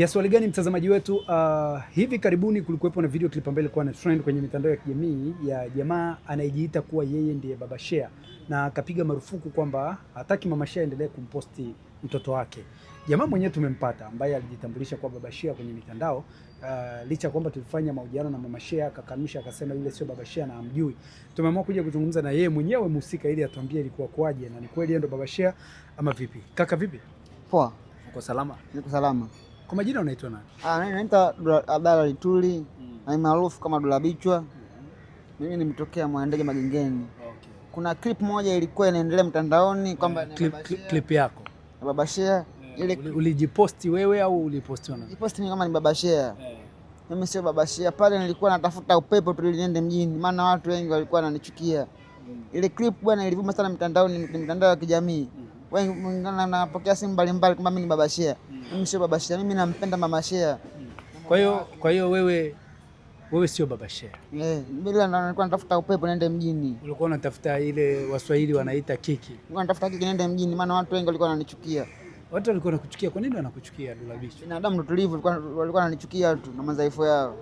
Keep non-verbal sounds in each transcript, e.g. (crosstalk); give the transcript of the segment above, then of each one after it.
ya swali gani, mtazamaji wetu? Uh, hivi karibuni kulikuwepo na video clip ambayo ilikuwa na trend kwenye mitandao ya kijamii ya jamaa anayejiita kuwa yeye ndiye baba Shea na akapiga marufuku kwamba hataki mama Shea endelee kumposti mtoto wake. Jamaa mwenyewe tumempata ambaye alijitambulisha kuwa baba Shea kwenye mitandao uh, licha kwamba tulifanya mahojiano na mama Shea akakanusha, akasema yule sio baba Shea na amjui. Tumeamua kuja kuzungumza na yeye mwenyewe mhusika ili atuambie ilikuwa kwaje na ni kweli yeye ndo baba Shea ama vipi? Kaka vipi? Poa. Uko salama? Niko salama. Kwa majina unaitwa nani? Ah, mimi naitwa Abdalla Lituli hmm. na maarufu kama Dula Bichwa. Mimi mtokea Mwandege Magengeni. Okay. Kuna clip moja ilikuwa inaendelea mtandaoni kwamba hmm. clip yako na Baba Shea hmm. ile ulijiposti wewe au ulipostiwa nani? Niposti mimi kama ni Baba Shea. Mimi sio Baba Shea. Pale nilikuwa natafuta upepo tu ili niende mjini, maana watu wengi walikuwa wananichukia. Ile clip bwana ilivuma sana mtandaoni, mtandao ya kijamii. Mm napokea simu mbalimbali kwamba mimi ni baba Shea. Hmm. Mimi sio baba Shea, mimi nampenda mama Shea. Hmm. Kwa hiyo kwa hiyo wewe wewe sio baba Shea. Eh, bila nilikuwa natafuta upepo niende mjini. Ulikuwa unatafuta ile Waswahili wanaita kiki. Nilikuwa natafuta kiki niende mjini maana watu wengi walikuwa wananichukia. Watu walikuwa wanakuchukia. Kwa nini wanakuchukia Dula Bichi? Binadamu tulivu walikuwa wananichukia tu na madhaifu yao.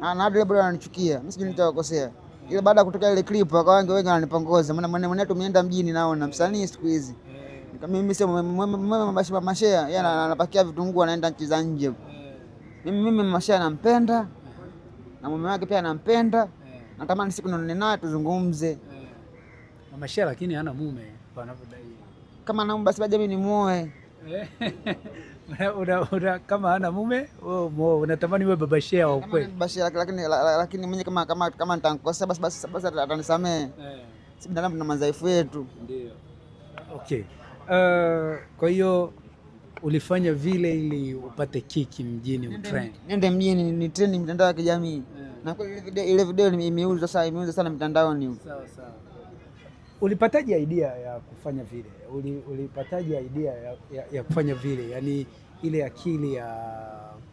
Na na hadi leo wananichukia. Mimi sijui nitawakosea. Ile baada ya kutoka ile clip wakawa wengi wengi wananipongoza. Maana mwenye tumeenda mjini naona msanii siku hizi mimi sio mama Mashea, yeye anapakia vitunguu anaenda nchi za nje. Mimi mimi mama Mashea nampenda na mume wake pia anampenda, natamani siku nione naye tuzungumze. Mama Mashea lakini hana mume wanavyodai. Kama ana mume basi baje mimi nimuoe. (laughs) una, una, Kama hana mume unatamani wewe baba Shea wa ukweli. Baba Shea lakini lakini mwenye kama kama kama nitamkosea basi basi basi atanisamee. Eh. Sisi binadamu tuna madhaifu yetu. Ndio. Okay. Eh, kwa hiyo ulifanya vile ili upate kiki mjini utrend. Nende mjini ni trend mitandao ya kijamii yeah. Na kwa ile video, ile video imeuzwa sana, imeuzwa sana mitandaoni. Sawa sawa. Ulipataje idea ya kufanya vile? Uli, ulipataje idea ya, ya, ya kufanya vile? Yaani ile akili ya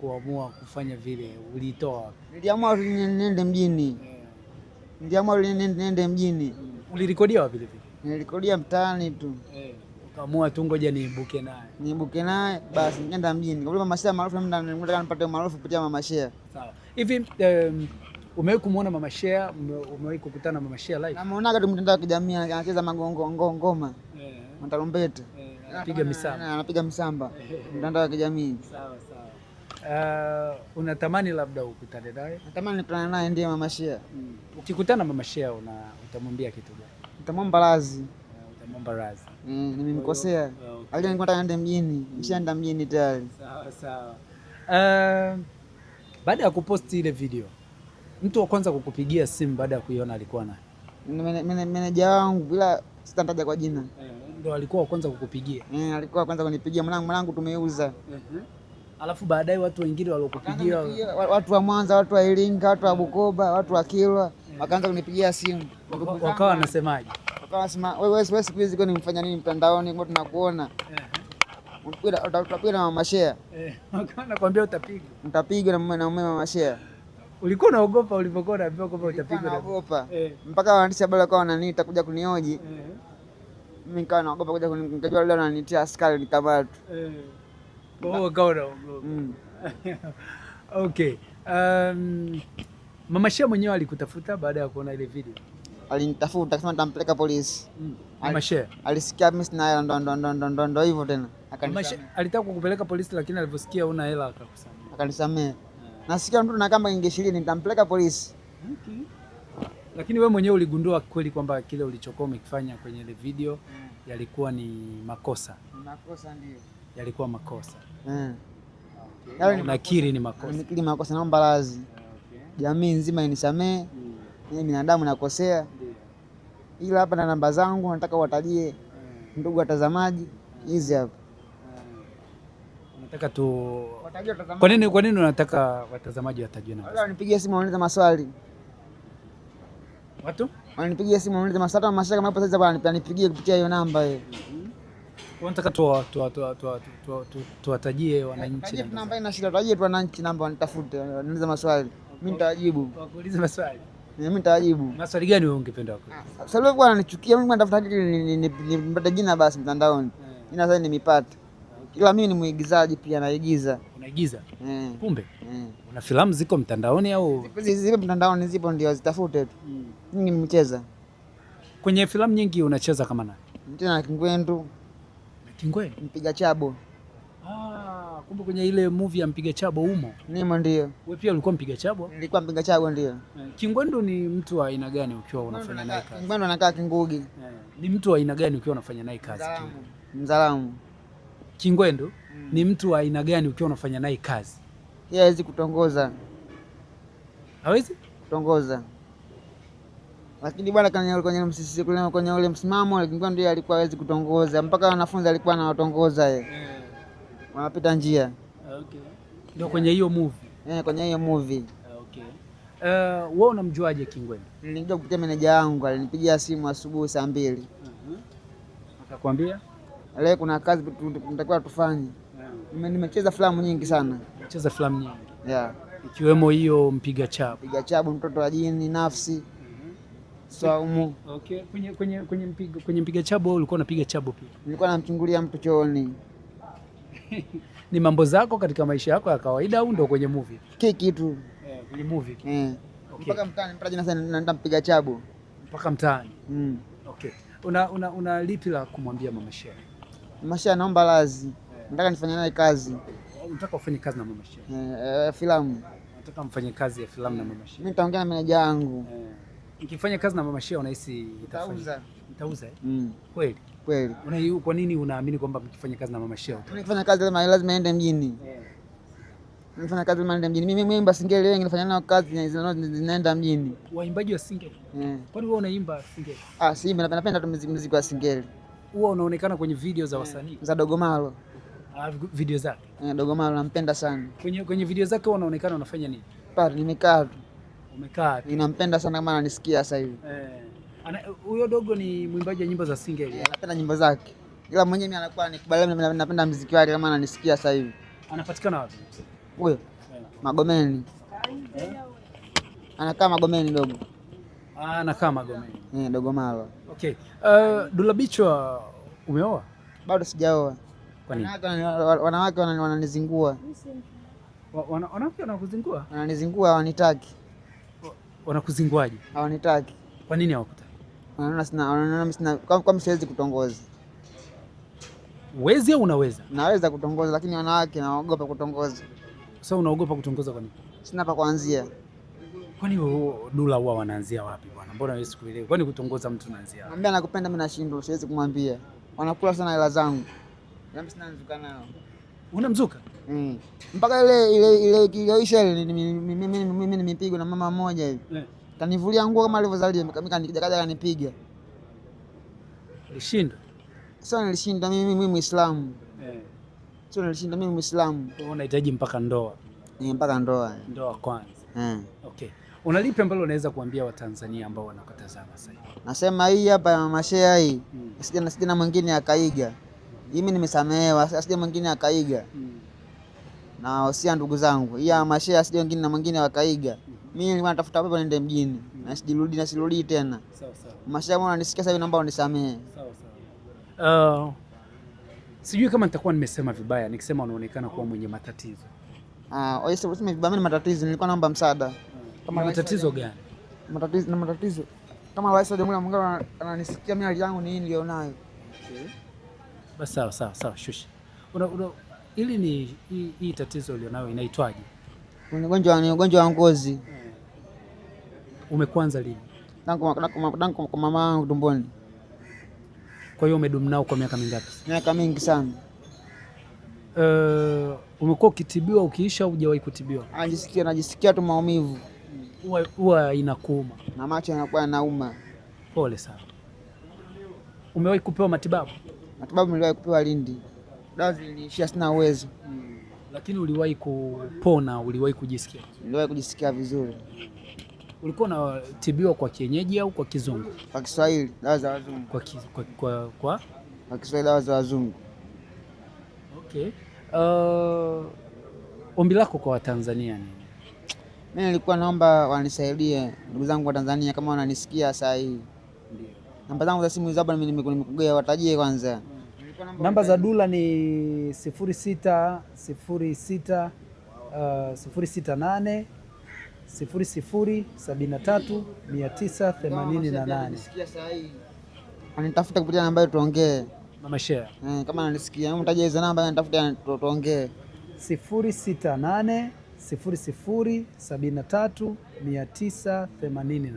kuamua kufanya vile ulitoa? Niliamua nende mjini. Eh. Niliamua nende mjini. Ulirekodia wapi vile? Nilirekodia mtaani tu. Yeah. Kamua tu ngoja niibuke naye. Niibuke naye basi nenda mjini. Kwa mama Shea maarufu nenda nataka nipate maarufu kupitia mama Shea. Sawa. Hivi um, umewahi kumuona mama Shea? Umewahi kukutana mama Shea live? Naona tu mtandao wa kijamii anacheza magongo ngoma. Eh. Yeah. Mtarumbete. Yeah. Anapiga misamba. Anapiga misamba. Eh. Mtandao wa kijamii. Sawa sawa. Uh, unatamani labda ukutane naye? Natamani nikutane naye ndiye mama Shea. Hmm. Ukikutana mama Shea una utamwambia kitu gani? Utamwomba radhi. Mm, nimemkosea. Uh, mjini. Nishaenda mjini tayari. Sawa sawa. Uh, baada ya kuposti ile video, mtu wa kwanza kukupigia simu baada ya kuiona alikuwa nani? Meneja wangu bila sitataja kwa jina. Eh, ndio alikuwa wa kwanza kukupigia. Eh, alikuwa wa kwanza kunipigia mwanangu, mwanangu tumeuza. Uh-huh. Alafu baadaye watu wengine waliokupigia watu wa Mwanza, watu wa Iringa, watu wa Bukoba, watu wa Kilwa eh. wakaanza kunipigia simu. Wakawa wanasemaje? Kasema wewe wewe siku hizi kwani mfanya nini mtandaoni? Mbona tunakuona. Eh. Unapiga utapiga na mama share. Eh, (laughs) nakwambia utapiga. Utapiga na mume na mume mama share. Ulikuwa unaogopa ulipokuwa unaambiwa kwamba utapigwa. Naogopa. Eh. Mpaka waandishi habari wakawa wananiita kuja kunioji. Eh. Mimi nikawa naogopa kuja kunikajua leo ananitia askari nikamatwa. Eh. Kwa hiyo ukawa unaogopa. Mm. (laughs) Okay. Um, mama share mwenyewe alikutafuta baada ya kuona ile video alinitafuta akasema nitampeleka polisi. Hmm. Alisikia mimi sina hela, ndo ndo ndo ndo ndo ndo hivyo tena. Alitaka kukupeleka polisi, lakini alivyosikia una hela akakusamehe, akanisamehe. Nasikia mtu na kama ingi ishirini nitampeleka polisi. Okay. Lakini wewe mwenyewe uligundua kweli kwamba kile ulichokuwa umekifanya kwenye ile video mm. yalikuwa ni makosa. Makosa ndio. Yalikuwa makosa. Eh. Mm. Okay. Nakiri ni makosa. Nakiri makosa, naomba radhi. Okay. Jamii nzima inisamee. Mimi mm. binadamu nakosea ila hapa na namba zangu nataka watajie ndugu watazamaji, hizi hapa hmm. nataka tu. Kwa nini kwa nini unataka watazamaji watajue namba? nipigie simu waulize maswali watu, wanipigia simu waulize maswali, hata mashaka kama hapo sasa, nipigie kupitia hiyo namba hiyo. Nataka tuwatajie wananchi namba, ina shida, tuwatajie tu wananchi namba, wanitafute waniulize maswali, mimi nitawajibu. Wakuulize maswali mimi nitajibu. Maswali gani wewe ungependa kwa? Ah, sasa wewe ananichukia mimi natafuta hadi nipate jina basi mtandaoni. Eh. Jina sasa nimepata. Ila mimi ni mwigizaji pia naigiza. Unaigiza? Eh. Kumbe. Eh. Una filamu ziko mtandaoni au? Zipo mtandaoni zipo ndio zitafute tu. Hmm. Mimi nimecheza. Kwenye filamu nyingi unacheza kama nani? Mcheza na Kingwendu. Na Kingwendu? Mpiga chabo. Kumbe kwenye ile movie ya mpiga chabo umo? Nimo, ndio. Wewe pia ulikuwa mpiga chabo? Nilikuwa mpiga chabo, ndio. Eh, Kingwendu ni mtu wa aina gani ukiwa unafanya naye kazi? Kingwendu anakaa kingugi. Ni mtu wa aina gani ukiwa unafanya naye kazi? Mzalamu. Kingwendu mm. ni mtu wa aina gani ukiwa unafanya naye kazi? Yeye hawezi kutongoza. Hawezi kutongoza. Lakini bwana kwenye msisi kwenye ule msimamo Kingwendu yeye alikuwa hawezi kutongoza mpaka wanafunzi alikuwa anawatongoza yeye. Eh wanapita njia. Okay. Ndio kwenye hiyo movie. Eh, kwenye hiyo movie. Okay. Uh, wewe unamjuaje Kingwendu? Nilijua kupitia meneja wangu alinipigia simu asubuhi saa mbili. Mhm. Akakwambia? Leo kuna kazi tunatakiwa tufanye. Yeah. Nimecheza filamu nyingi sana. Nimecheza filamu nyingi. Yeah. Ikiwemo hiyo mpiga chabu. Mpiga chabu, mtoto wa jini, nafsi. Uh-huh. Saumu. Okay. Kwenye kwenye kwenye mpiga kwenye mpiga chabu ulikuwa unapiga chabu pia? Nilikuwa namchungulia mtu chooni. (laughs) ni mambo zako katika maisha yako ya kawaida au ndo kwenye movie? Kiki tu. Eh, kwenye movie. Eh. Okay. Mpaka mtaani mtaji na sana mpiga chabu. Mpaka mtaani. Mm. Okay. Una una, una lipi la kumwambia Mama Shera? Mama Shera naomba lazi. Eh. Nataka nifanye naye kazi. Oh, unataka ufanye kazi na Mama Shera? Eh, eh, filamu. Nataka mfanye kazi ya filamu na Mama Shera. Mimi nitaongea na meneja wangu. Eh. Ikifanya kazi na Mama Shera unahisi itafanya nitauza mm. Kweli kweli. Una kwa nini unaamini kwamba mkifanya kazi na mama Shell, nikifanya kazi lazima lazima niende mjini yeah. Nifanya kazi lazima niende mjini. Mimi mwimba singeli wengi nafanya nao kazi zinaenda mjini. Waimbaji wa singeli yeah. Kwani wewe unaimba singeli? Ah, si napenda tu muziki wa singeli. Huwa unaonekana kwenye video za eh, wasanii yeah. za Dogomalo ah, video zake yeah, Dogomalo nampenda sana. Kwenye, kwenye video zake unaonekana unafanya nini? Pale nimekaa tu. Umekaa tu. Ninampenda sana kama ananisikia sasa hivi. Eh. Huyo dogo ni mwimbaji wa nyimbo za singeli. Eh, anapenda nyimbo zake. Ila mwenyewe mimi anakuwa nikubaliana, napenda muziki wake kama ananisikia sasa hivi. Anapatikana wapi? Huyo. Magomeni. Eh? Anakaa Magomeni dogo. Ah, anakaa Magomeni. Eh, dogo Malo. Okay. Uh, Dula Bichwa umeoa? Bado sijaoa. Kwa nini? Wanawake wananizingua. Wanawake wanakuzingua? Wananizingua hawanitaki. Wanakuzinguaje? Hawanitaki. Kwa nini hawakutaki? kama siwezi kutongoza. Wezi au unaweza? Naweza kutongoza, lakini wanawake naogopa kutongoza. Sasa unaogopa kutongoza kwa nini? Sina pa kuanzia. Kwani Dula huwa wanaanzia wapi bwana? Mbona wewe sikuelewi? Kwani kutongoza mtu anaanzia wapi? Mwambie anakupenda mimi nashindwa, siwezi kumwambia. Wanakula sana hela zangu. Mimi sina mzuka nao. Una mzuka? Mm. Mpaka ile ile ile kigaisha ile mimi nimepigwa na mama mmoja hivi kanivulia nguo kama alivyozalia, nikija kaja kanipiga, nilishinda. Sasa nilishinda mimi, mimi Muislamu eh. Sasa nilishinda mimi Muislamu. Unahitaji mpaka ndoa ni eh, mpaka ndoa, ndoa kwanza eh. Okay, una lipi ambalo unaweza kuambia Watanzania ambao wanakutazama sasa hivi? Nasema hii hapa ya mama Shea hii hmm. na sije na mwingine akaiga mimi nimesamehewa, asije mwingine akaiga mm. na wasia ndugu zangu, hii mama Shea asije wengine na mwingine wakaiga mimi nilikuwa natafuta baba niende mjini mm. na sirudi tena mashamu nanisikia sasa, naomba unisamehe. Uh, sijui kama nitakuwa nimesema vibaya nikisema unaonekana kuwa mwenye matatizo. Ah, uh, oh, sema vibaya mimi matatizo, nilikuwa naomba msaada. Kama matatizo gani? Matatizo na matatizo kama Rais wa Jamhuri ya Muungano ananisikia mimi, hali yangu ni hii nilionayo. Okay. Basi sawa sawa sawa, shushi. Una, una ili ni hii tatizo ulionayo inaitwaje? Ni ugonjwa ni ugonjwa wa ngozi. Hmm umekwanza lini? Tangu kwa mama yangu tumboni. Kwa hiyo umedumu nao kwa miaka mingapi? Miaka mingi sana. Uh, umekuwa ukitibiwa ukiisha au hujawahi kutibiwa? Najisikia najisikia tu maumivu. Huwa inakuuma na macho yanakuwa yanauma. Pole sana. Umewahi kupewa matibabu? Matibabu niliwahi kupewa Lindi, dawa ziliniishia, sina uwezo. Hmm. Lakini uliwahi kupona? Uliwahi kujisikia? Niliwahi kujisikia vizuri. Ulikuwa unatibiwa kwa kienyeji au kwa kizungu? Kwa Kiswahili, dawa za wazungu. Kwa kwa kwa kwa, kwa Kiswahili, dawa za wazungu. Okay. Uh, ombi lako kwa Watanzania ni Mimi nilikuwa naomba wanisaidie ndugu zangu wa Tanzania kama wananisikia saa hii. Ndio. Namba zangu za simu hizo nimekugea, watajie kwanza. Namba za Dula ni sifuri sita sifuri sita uh, sifuri sita nane nane Anitafuta kupitia namba hiyo tuongee. Mama Shea. Eh, kama ananisikia, hebu mtaje hizo namba anitafuta tuongee. na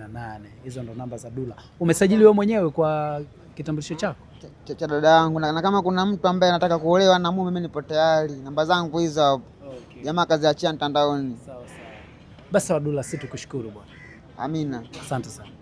nane Hizo ndo namba za Dula. Umesajili wewe mwenyewe kwa kitambulisho chako cha dada yangu na, na kama kuna mtu ambaye anataka kuolewa na mume, mimi nipo tayari. Namba zangu hizo hapo. Jamaa kazi achia mtandaoni. Sawa. Basi Abdullah, si tukushukuru bwana. Amina, asante sana.